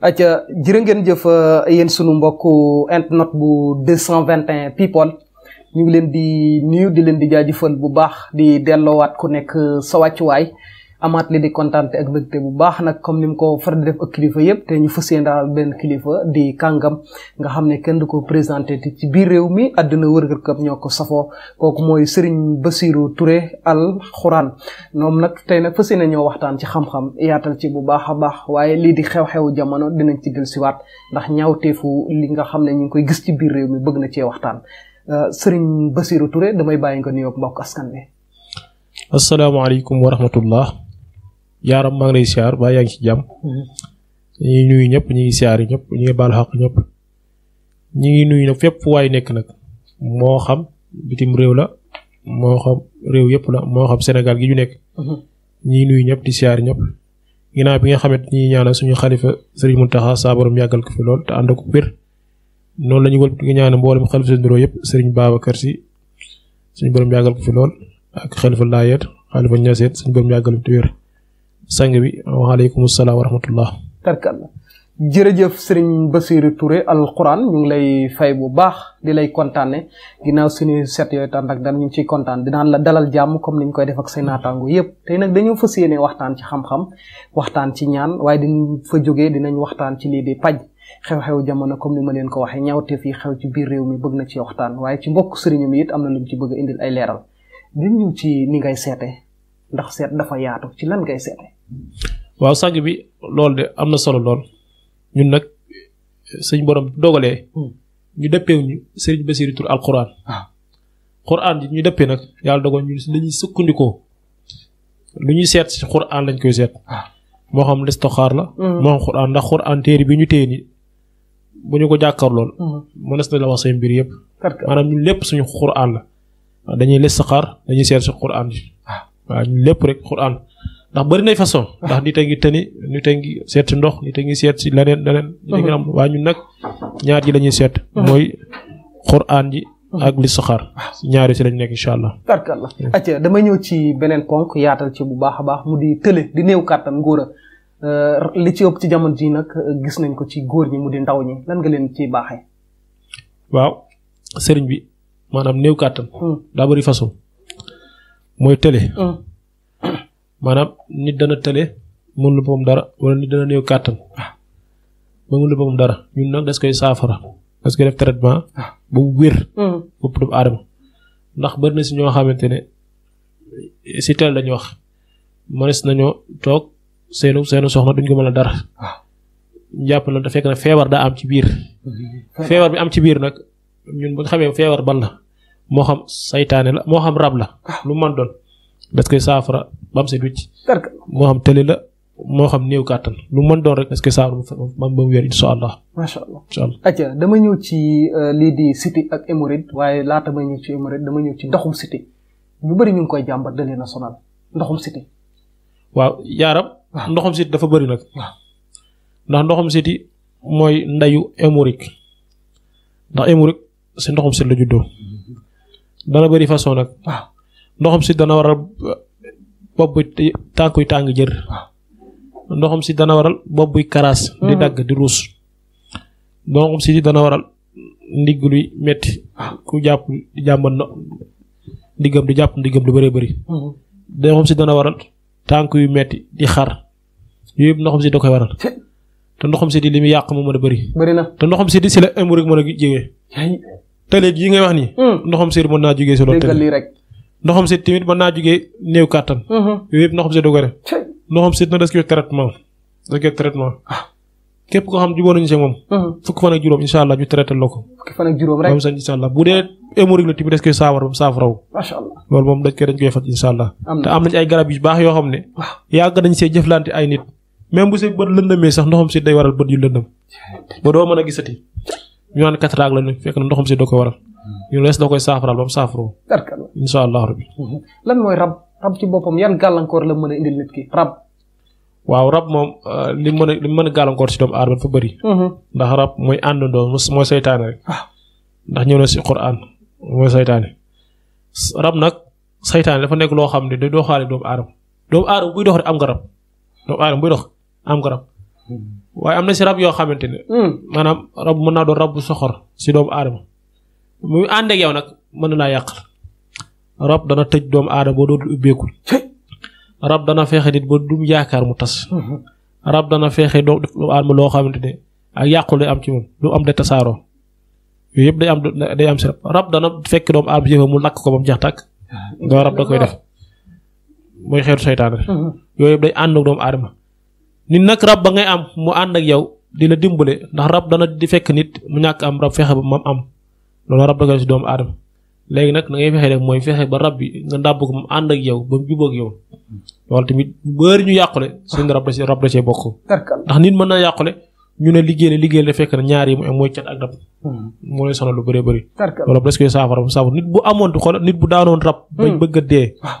aca jërë ngeen jëf euh, yéen sunu mbokk internet bu 221 people ñu ngi leen di nuyu di leen di jaajëfal bu baax di delloowaat ku nekk euh, sa wàccuwaay amaat li di kontaan ak mbégte bu baax nag comme ni mu ko far di def ak kilifa yëpp te ñu fas yéene benn kilifa di kàngam nga xam ne kenn du ko présenté ci biir réew mi àddina wërgal këpp ñoo ko safoo kooku mooy Serigne Bassirou Touré Al Khourane moom nag tey nag fas yéene ñoo waxtaan ci xam yaatal ci bu baax a baax waaye lii di xew-xewu jamono dinañ ci dellusiwaat ndax ñaawteefu li nga xam ne ñu ngi koy gis ci biir réew mi bëgg na cee waxtaan euh, Serigne Bassirou Touré damay bàyyi nga nuyoog mbokk askan mi asalaamaaleykum wa rahmatullah yaaram maa ngi lay siyaar ba yaa ngi ci jàmm ñu nuyu ñëpp ñu ngi siyaar ñëpp ñu ngi baal xaq ñëpp ñu ngi nuyu nag waay nekk nag moo xam bitim réew la moo xam réew yëpp la moo xam Sénégal gi ñu nekk ñu nuyu ñëpp di siyaar ñëpp ginnaaw bi nga xamante ñi ñaanal suñu xalifa Serigne Mountakha saa borom yàggal ko fi lool te ànd ko wér noonu la ñu wël nga ñaanal mboolem xalifa seen duroo yëpp Serigne Babacar Sy suñu borom yàggal ko fi lool ak xalifa Laayeen xalifa Ñaseen suñu borom yàggal ko fi wér sang bi waaleykum salaam wa rahmatullah tarkalla jërëjëf sëriñ Basiru Touré alquran ñu ngi lay fay bu baax di lay kontaane ginnaaw suñu set yooyu tànt ak dan ñu ngi ciy kontaan dinaan la dalal jàmm comme ni ñu koy def ak say naataango yépp nag dañoo fas yéene waxtaan ci xam-xam waxtaan ci ñaan waaye dinañ fa jógee dinañ waxtaan ci lii di paj xew-xew jamono comme ni ma leen ko waxee ñaawteef yi xew ci biir réew mi bëgg na ci waxtaan waaye ci mbokk sëriñam it am na lu mu ci bëgg indi ay leeral din ñëw ci ni ngay seete ndax seet dafa yaatu ci lan ngay seete waaw sàng bi loolu de am na solo lool ñun nag suñ borom dogalee hmm. ñu dëppee ñu sëriñ Basiru tur alquran ah. quran ji ñu dëppee nag yàlla dogal ñu lañuy sukkandikoo lu ñuy seet ci quran lañ koy seet ah. moo xam listoxaar la hmm. moo xam quran ndax quran téere bi ñu téye ni bu ñu ko jàkkaar lool hmm. mënees na la wax seen mbir yëpp maanaam ñun lépp suñu quran la dañuy xar dañuy seet ci quran ji waaw lépp rek xuraan ndax bari nay façon ndax nit a ngi tëni nit a ngi seet si ndox nit a ngi seet si leneen leneen nit a ngi am waaye ñun nag ñaar ji lañuy seet mhm. mooy xuraan ji mhm. ak li saxaar ah. ñaari si lañ nekk incha allah. tarkalla mhm. damay ñëw ci beneen ponk yaatal ci bu baax a baax mu di tële di néew kàttan ngóora euh, li ci ëpp ci jamono ji nag euh, gis nañ ko ci góor ñi mu di ndaw ñi lan nga leen ci baaxee. waaw sëriñ bi maanaam néew kàttan. Hmm. daa bëri façon. mooy tële. Mm. maanaam nit dana tële mënul boppam dara wala nit dana néew kàttan ah. mënul boppam dara ñun nag das koy saafara das koy def traitement ah. ba mu wér. Mm. bopp doomu aadama ndax bari na si ñoo xamante ne si teel lañu wax na nañoo toog seenu seenu soxna duñ ko mën a dara. Ah. jàpp na te fekk na feebar daa am ci biir. Mm-hmm. feebar bi am ci biir nag ñun bu xamee feebar ban la. moo xam seytaane la moo xam rab la. Ah. lu man doon parce que saafara bam set wicc moo xam tële la moo xam néew kàttan lu mën doon rek parce que saafara bam ba mu wér dama ñëw ci euh, ak hémorroïde waaye laata ma ñëw ci hémorroïde ñëw ci ndoxum cité ñu bëri ñu ngi koy jàmbat da leen a sonal ndoxum cité. waaw ah. dafa bëri nag. Ah. ndax ndoxum cité mooy ndayu hémorroïde ndax hémorroïde si ndoxum cité la juddoo. dana bëri façon nag. waaw ndoxam si dana waral bopp buy tànkuy tàng jër. ndoxum si dana waral bopp buy karaas. di hmm. dagg di ruus. ndoxam si dana waral ndigg luy metti ku jàpp jàmbat na ndiggam di jàpp ndiggam lu bëree bëri. Hmm. ndoxam si dana waral tànk yu metti di xar yooyu yëpp ndoxam si da koy waral. te ndoxam si di li muy yàq mu mën a bëri. te ndoxam si di si la ëmb mën a jege. tali yi ngay wax nii. Hmm. ndoxum sër mën naa jugee si loolu. déggal lii rek ndoxam sër tamit mën naa jugee néew kàttan. Hmm. yooyu yëpp ndoxam sër da ko def. ndoxam des nag da ciy traitement da ciy traitement. Ah. képp koo xam jubóo nañu si moom. Hmm. fukki fan ak juróom incha allah ñu traité la ko. fukki fan ak juróom rek bu dee hémorroïde la tamit des koy saafara ba mu saafaraw. macha loolu moom dañ koy dañ koy faj incha allah. te am nañu ay garab yu baax yoo xam ne. yàgg nañ see jëflante ay nit. même bu see bët lëndëmee sax ndoxam sër day waral bët yu lëndëm ba doo mën a ñu naan cataracte la fekk na ndoxam si da hmm. koy waral mu saafaroo. incha hmm. lan mooy rab rab yan gàllankoor la mën waaw rab moom uh, li mën li mën a gàllankoor si doomu aadama dafa bëri. Hmm. ndax rab mooy àndandoo mooy saytaane rek. Ah. ndax ñëw na si Qur'an mooy saytaane. rab nag saytaane dafa nekk loo xam ne day doxaale doomu aadama doomu aadama buy dox rek am nga rab doomu aadama buy dox am nga rab. waaye am na si rab yoo xamante ne. Hmm. maanaam rab mën naa doon rab bu soxor si doomu aadama muy ànd ak nag mën na laa yàq rab dana tëj doomu aadama boo dootul ubbeekul rab dana fexe nit ba dum yaakaar mu tas. Hmm. rab dana fexe loo xamante ne ak yàqul day am ci moom am de tasaaroo yooyu yëpp day am day am si rab rab dana fekk doomu aadama jëfe mu lakk ko ba mu jeex tàkk. doo hmm. rab da koy def mooy xeetu seytaane. yooyu yëpp day ànd doomu aadama. nit nag rab ba ngay am mu ànd ak yow di la dimbale ndax rab dana di fekk nit mu ñàkk am rab fexe ba mam am loolu rab da doomu aadama léegi nag na ngay fexe rek mooy fexe ba rab bi nga ndàbb ko mu ànd ak yow ba mu jubóog yow loolu tamit bëri ñu yàqule suñu rab da cee rab da cee bokk. ndax mën na yàqule ñu ne liggéey la liggéey la fekk na ñaar yi mu am mooy hmm. moo lay lu bëree bëri. loolu presque saafara bu saafara nit bu amoon xool nit bu daanoon rab. bañ hmm. bëgg a dee. Ah.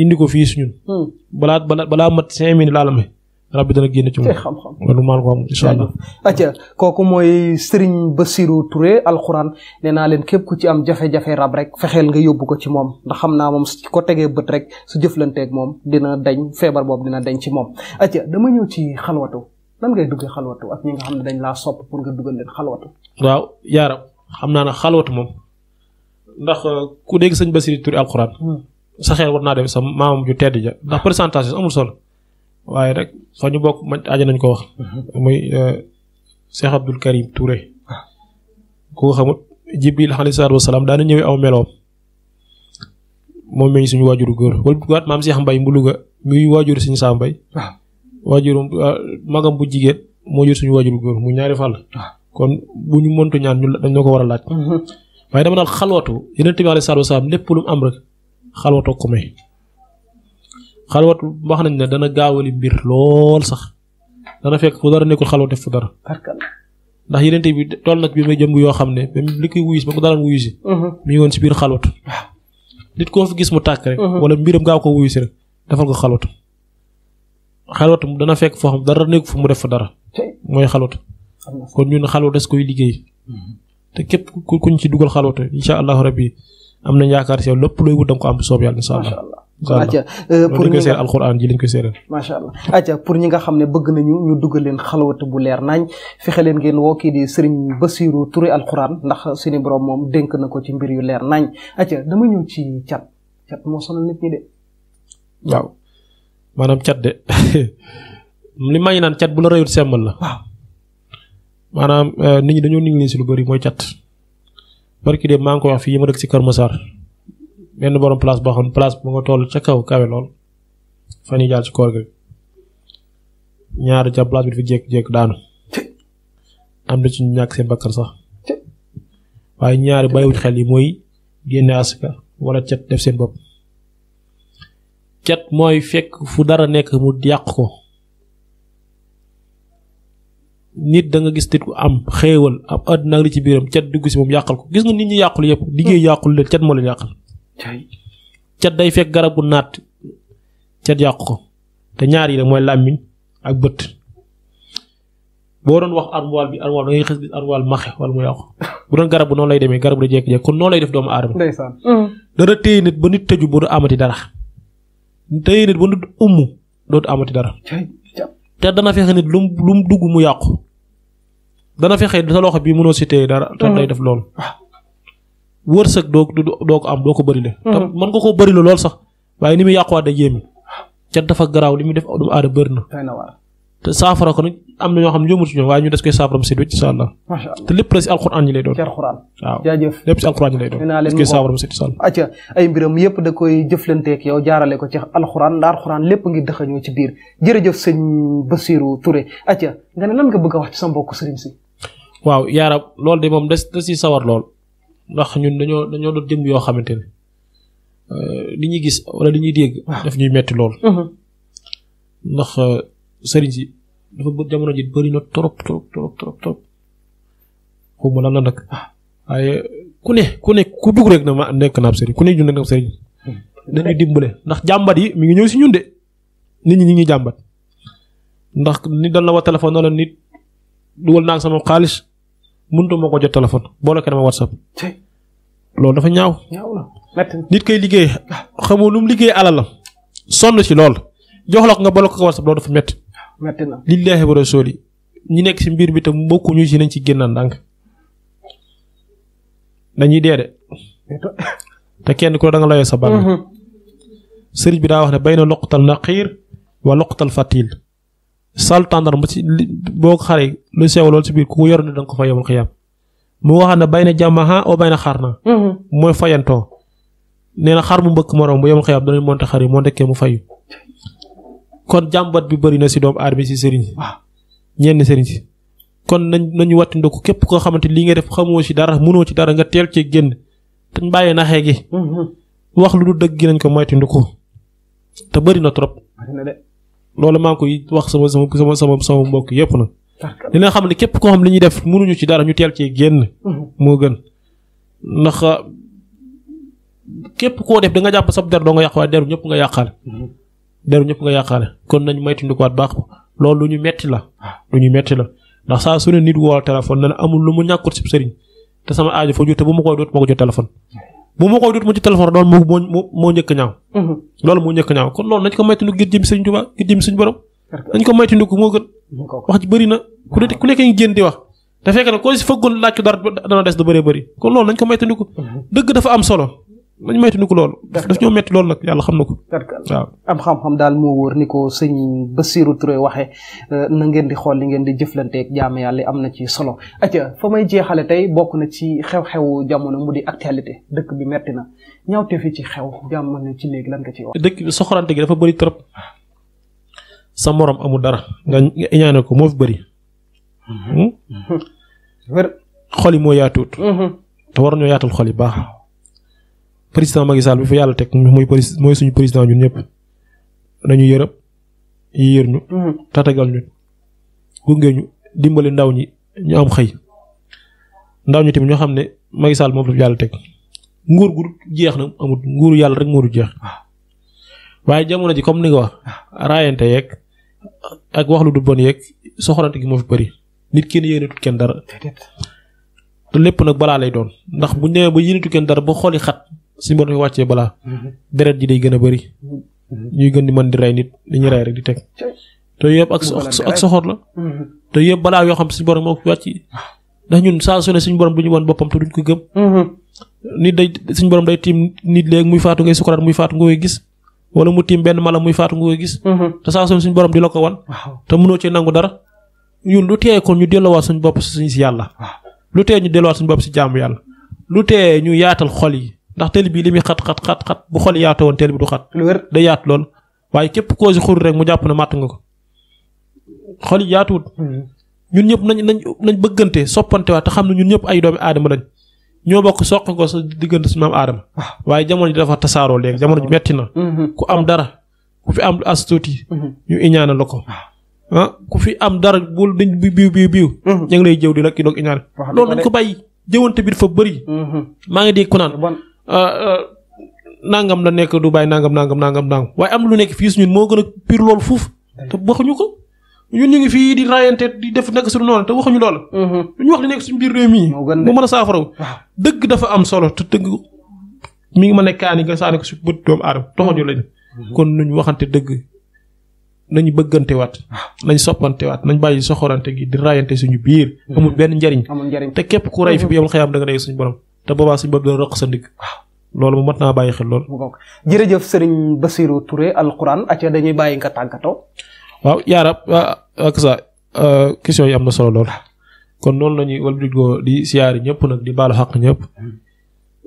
indi ko fii suñu. Hmm. balaa balaa balaa mat cinq minutes laa la may rab bi dana génn ci moom te xam maa ko am incha allah. acca kooku mooy Serigne Bassirou ture alxuraan nee naa leen képp ku ci am jafe-jafe rab rek fexeel nga yóbbu ko ci moom ndax xam naa moom su ko tegee bët rek su jëflanteeg moom dina dañ feebar boobu dina dañ ci moom. acca dama ñëw ci xalwatu lan ngay duggee xalwatu ak ñi nga xam ne dañ laa sopp pour nga dugal leen xalwatu. waaw yaaram xam naa ne xalwatu moom ndax euh, ku dégg sëñ Bassirou Touré alxuraan. Hmm. sa xel war naa dem sa maamam ju tedd ja ndax pourcentage amul solo. waaye rek fa ñu bokk ma aja nañ ko wax. Mhm. muy euh, Cheikh Abdoul Karim Touré. Ah. ku ko xamut Jibril alayhi salaatu wasalaam daana ñëwee aw meloom. moom meñ suñu waajuru góor wala bu maam Cheikh Mbaye mu Louga muy waajur suñu saa Mbaye. Ah. waajurum euh, magam bu jigéen moo jur suñu waajuru góor mu ñaari fàll. Ah. kon bu ñu mëntu ñaan ñu dañoo ko war a laaj. Mhm. waaye dama daal xalwatu yeneen tamit alayhi salaatu lépp lu am rek xalwatoo ko may. xalwatu wax nañ ne dana gaawali mbir lool sax dana fekk fu dara nekkul xalwat def fu dara. ndax yeneen bi toll nag bi may jëm yoo xam ne même li koy wuyusi ba ko dalaan wuyusi. si biir xalwat. nit koo fi gis mu tàkk rek. Mhm. wala mbiram gaaw ko wuyusi rek defal ko xalwat. xalwat dana fekk foo xam dara nekkul fu mu def fa dara. mooy xalwat kon ñun xalwat des koy liggéey. Mhm. te képp ku kuñ ci dugal xalwat incha allahu rabbi am na yaakaar si yow lépp looy wut da ko am soob yàlla incha acca euh, pour ñu nga alxuraan ji lañ ko macha allah acca pour ñi nga xam ne bëgg nañu ñu duggal leen xalawat bu leer naañ fexe leen ngeen woo kii di sëriñ Basiru Touré alxuraan ndax suñu borom moom dénk na ko ci mbir yu leer naañ acca dama ñëw ci cat moo sonal nit ñi de waaw maanaam cat de li may naan cat bu la rëyut semmal la waaw maanaam euh, nit ñi dañoo négliger si lu bëri mooy cat barki de maa ngi ko wax fii ma dëkk si Kër benn borom place boo xam place bu nga toll ca kaw kawe lool fan yii jaar ci koor gi ñaari ca place bi dafa jékki-jékki daanu am na ci ñu ñàkk seen bakkan sax waaye ñaari bàyyiwut xel yi mooy génne asaka wala cet def seen bopp cet mooy fekk fu dara nekk mu yàq ko nit da nga gis nit ku am xéewal am àddina ak li ci biiram cet dugg si moom yàqal ko gis nga nit ñu yàqul yëpp liggéey yàqul leen cet moo leen yàqal cat day fekk garabu naat cat yàqu ko te ñaar yi rek mooy làmmiñ ak bët boo doon wax armoire bi armoire da ngay xës bi armoire maxe wala mu yàqu bu doon garabu noonu lay demee garabu da jékki-jékki kon noonu lay def doomu aadama. ndeysaan. Mm. dana téye nit ba nit tëju ba amati dara téye ba nit dootu amati dara. te dana fexe nit lu mu lu mu dugg mu yàqu dana fexe sa loxo bi mënoo si téye dara. te mm. day def loolu. Ah. wërsëg doo doo ko am doo ko bari le mhm. te mën nga koo bëri la lool sax waaye ni muy yàquwaat da yéemi ca dafa garaaw li muy def doomu bëri na te saafara ko nag am na ñoo xam ne yombul ci ñoom ñu des koy saafara mu si wécc incha allah te lépp la si alxuraan ñi lay doon waaw jaajëf lépp si alxuraan ñi lay doon des koy saafara mu si incha allah acca ay mbiram yëpp da koy jëflanteeg yow la alxuraan ngi bëgg a wax ci sa mbokk sëriñ si waaw yaaram loolu de moom des des si sawar lool ndax ñun dañoo dañoo doon jëm yoo xamante ne euh, li ñuy gis wala li ñuy dégg. Ah. daf ñuy metti lool. Mm-hmm. ndax euh, sëriñ si dafa bëgg jamono ji bëri na trop trop trop trop trop xaw la nag ah. waaye ku ne ku ne ku dugg rek na ma nekk naab sëriñ ku ne ñun rek naab sëriñ mm-hmm. dañuy dimbale ndax jàmbat yi mi ngi ñëw si ñun de nit ñi ñu ngi jàmbat ndax nit dañ la wa téléphone na nit dugal naa sama xaalis. mënutoo ma ko jot téléphone booleke dama whatsapp. loolu dafa ñaaw. ñaaw la nit koy liggéey xamoo lu mu liggéey alalam sonn ci lool jox la nga booleke ko whatsapp loolu dafa métti. métti na lillahi wa rasuli ñi nekk ci mbir bi te bokkuñu si nañ ci génn ndànk dañuy dee de te kenn ku ne da nga sa bàmmeel. Mm-hmm. sëriñ bi daa wax ne bay na loqatal naqiir wa loqatal fatil sal tàndarma ci boo ko xaree lu sew lool si biir ku ko yor ne da nga ko fa yowal xiyaam mu waxaat ne bay na jàmmaha oo bay na xaar na mm-hmm. mooy fayantoo nee na xar mu mbëkk morom bu yowal xiyaam danañ monte xar yi monte mu fayu kon jàmbat bi bari na si doomu aadama si sëriñ ah. ñenn sëriñ si kon nañ nañu wattandiku képp koo xamante lii nga def xamoo ci dara mënoo ci dara nga teel ci génn te bàyyi naxee gi mm-hmm. wax lu du dëgg gi nañ ko moytandiku te bëri na trop loolu maa ngi koy wax sama sama sama sama mbokk yëpp nag. dina xam ne képp koo xam li ñuy def mënuñu ci dara ñu teel cee génn. Mhm. moo gën ndax ah, képp koo def danga jàpp sab der doo nga yàq waaye deru ñëpp nga yàqaale. Mhm. deru ñëpp nga yàqaale kon nañ moytandikuwaat baax ko loolu ñu metti la. Ah. lu ñu metti la ndax saa su ne nit woo téléphone na amul lu mu ñàkkut si sëriñ te sama aajo foo jot te bu ma koy doot ma ko jot téléphone. bu ma koy dut mu ci téléphone doon moo moo moo njëkk ñaaw. Mhm. loolu moo njëkk ñaaw kon loolu nañ ko moytandu ngir jëm Sëriñ Tuubaa ngir jëm suñu borom. nañ ko moytandu moo gën. wax ji bëri na ku ne ku nekk ngi génn di wax. te fekk na ko si fëggoon laaj ko dara dana des du bëree bëri kon loolu nañ ko moytandu mhm. dëgg dafa am solo. nañ ko loolu. daf ñoo metti loolu nag yàlla xam na ko. waaw am xam-xam daal moo wóor ni ko sëñ Bassirou Touré waxee euh, na ngeen di xool li ngeen di jëflanteek jaamu yàlla am na ci solo. atia fa may jeexale tey bokk na ci xew xew jamono mu di actualité dëkk bi metti na ñaawte fi ci xew jamono ci léegi lan nga dëkk bi soxorante gi dafa bëri trop sa morom amul dara nga iñaane ko moo fi bëri. Mhm. Hmm? wér xol yi moo yaatuut. Mhm. te waroon ñoo yaatal xol baax. président Macky Sall bi fa yàlla teg mooy mooy suñu président ñun ñëpp nañu yërëm yër ñu. Mhm. tatagal ñun gunge ñu dimbali ndaw ñi ñu am xëy ndaw ñi tamit ñoo xam ne Macky Sall moom la fa yàlla teg nguur gu jeex na amut nguuru yàlla rek moo du jeex. Ah. waaye jamono ji comme ni nga wa ah. raayante yeeg ak wax lu du bon yeeg soxorante gi moo fi bëri nit kenn yéenatut kenn dara. te lépp nag balaa lay doon ndax bu ñu ba yéenatu kenn dara ba xooli xat suñu borom wàccee balaa mhm. deret ji day gën a bëri mhm. ñuy gën di mën di rey nit dañuy rey rek di teg te yëpp ak ak la mhm. te yëpp balaa yoo xam suñu borom moo ko wàcc ndax ñun saa su suñ borom du ñu woon boppam duñ ko gëm nit day suñu borom day tiim nit léegi muy faatu ngay sukuraat muy faatu nga gis wala mu tiim benn mala muy faatu gis te saa borom di la ko wan te mënoo ci nangu dara ñun lu tee kon ñu delloowaat suñ bopp suñu si yàlla lu tee ñu delloowaat suñu bopp si jaamu yàlla lu tee ñu yaatal xol yi ndax télé bi li muy xat xat xat xat bu xol yaatu woon télé bi du xat. lu wér da yaatu lool waaye képp koo si xur rek mu jàpp ne màtt nga ko xoli yi hmm. ñun ñëpp nañ nañ nañ bëggante soppante waat te xam ne ñun ñëpp ay doomi aadama lañ ñoo bokk soq ko sa diggante si maam aadama. Ah. waaye jamono ji dafa tasaaroo léegi jamono ji metti na. Hmm. ku am dara ku fi am as tuuti. Hmm. ñu iñaanal la ko. Ah. ah ku fi am dara bul dañ biiw biiw biiw. ñu lay jëw di la ki iñaan. loolu nañ ko Euh, euh, nangam la nekk Dubaay nangam nangam nangam nangam waaye am lu nekk fii su ñun moo gën a pire loolu fuuf te waxuñu ko ñun ñu ngi fii di rayante di def nekk suñu noonu te waxuñu loolu. Mhm. ñu wax li nekk suñu biir réew mii. mu mën a saafara dëgg dafa am solo te dëgg mi ngi mën a kaani nga saani ko si bët doomu aadama toxoñu mhm. lañu. Mhm. kon ñu waxante dëgg nañu bëggantewaat. Ah. nañ soppantewaat nañ bàyyi soxorante gi di rayante suñu biir. amul benn njariñ. te képp ku ray fi bu yow xëy da nga dégg suñu borom. te boobaa suñu bopp dana roq sa ndig loolu mu mat naa bàyyi xel loolu. jërëjëf Serigne Bassirou Touré alquran acca dañuy bàyyi nga tàggatoo. waaw yaarab ah, ah, ak sa ah, question yi am na solo lool kon loolu la ñuy wëlbatikoo di siyaari ñëpp nag di baalu xaq ñëpp hmm.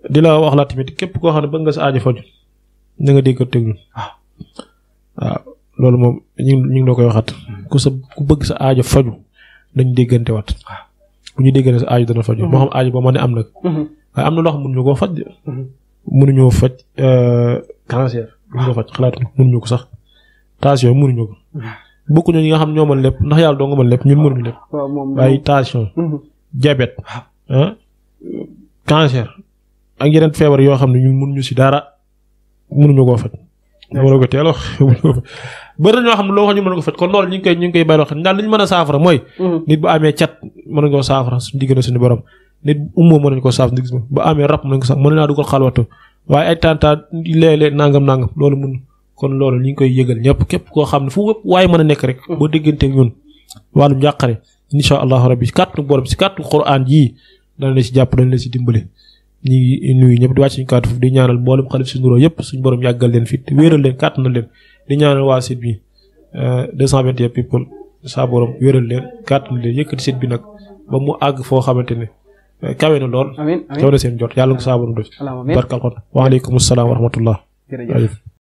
di la wax la tamit képp ko xam ne bëgg nga sa ajo faju na nga dégg teg ñun waaw loolu moom ñu ñu ngi la koy waxaat hmm. ku bëgg sa aajo faju dañu déggante wat bu ñu déggante sa aajo dana faju hmm. moo xam aajo ba ma ne am nag. waaye am na loo xam ñu koo faj. Mhm. mënuñoo faj euh, cancer. mënuñoo faj xalaatu mënuñu ko sax tension mënuñu ko. bokkuñu ñi nga xam ñoo ma lépp ndax yàlla doo nga mën lépp ñun mënuñu lépp. waaye tension. Mhm. diabète. Ah, cancer. ak yeneen feebar yoo xam ne ñun mënuñu si dara mënuñu koo ko teel wax bëri na ñoo xam ne loo wax ñu mën ko faj kon loolu ñu ngi koy ñu ngi koy bàyyi ñu mën a saafara mooy. Mhm. nit bu amee cat mën nga ko saafara suñ diggante suñu borom. nit umoo mën nañu ko saaf ndigis ba amee rab mën nañu ko saaf mën waaye ay tanta léeg-léeg nangam nangam loolu mun kon loolu ñu ngi koy yëgal ñëpp képp koo xam ne fu wépp waaye mën a nekk rek boo dégganteeg ñun wàllum jàqare insha allahu rabbi si kàttu borom si kàttu quraan jii dana la si jàpp dana la si dimbale ñu ñëpp di wàcc suñu kàddu foofu di ñaanal mboolem xalif suñu nuroo yëpp suñ borom yàggal leen fit wéeral leen kàttan na leen di ñaanal waa bi euh, na leen mu àgg foo xamante ne kawe na lool. amiin amiin kawe seen jot yàlla nga ko saabu doon def. alhamdulilah barke waaleykum salaam wa rahmatullah. jërëjëf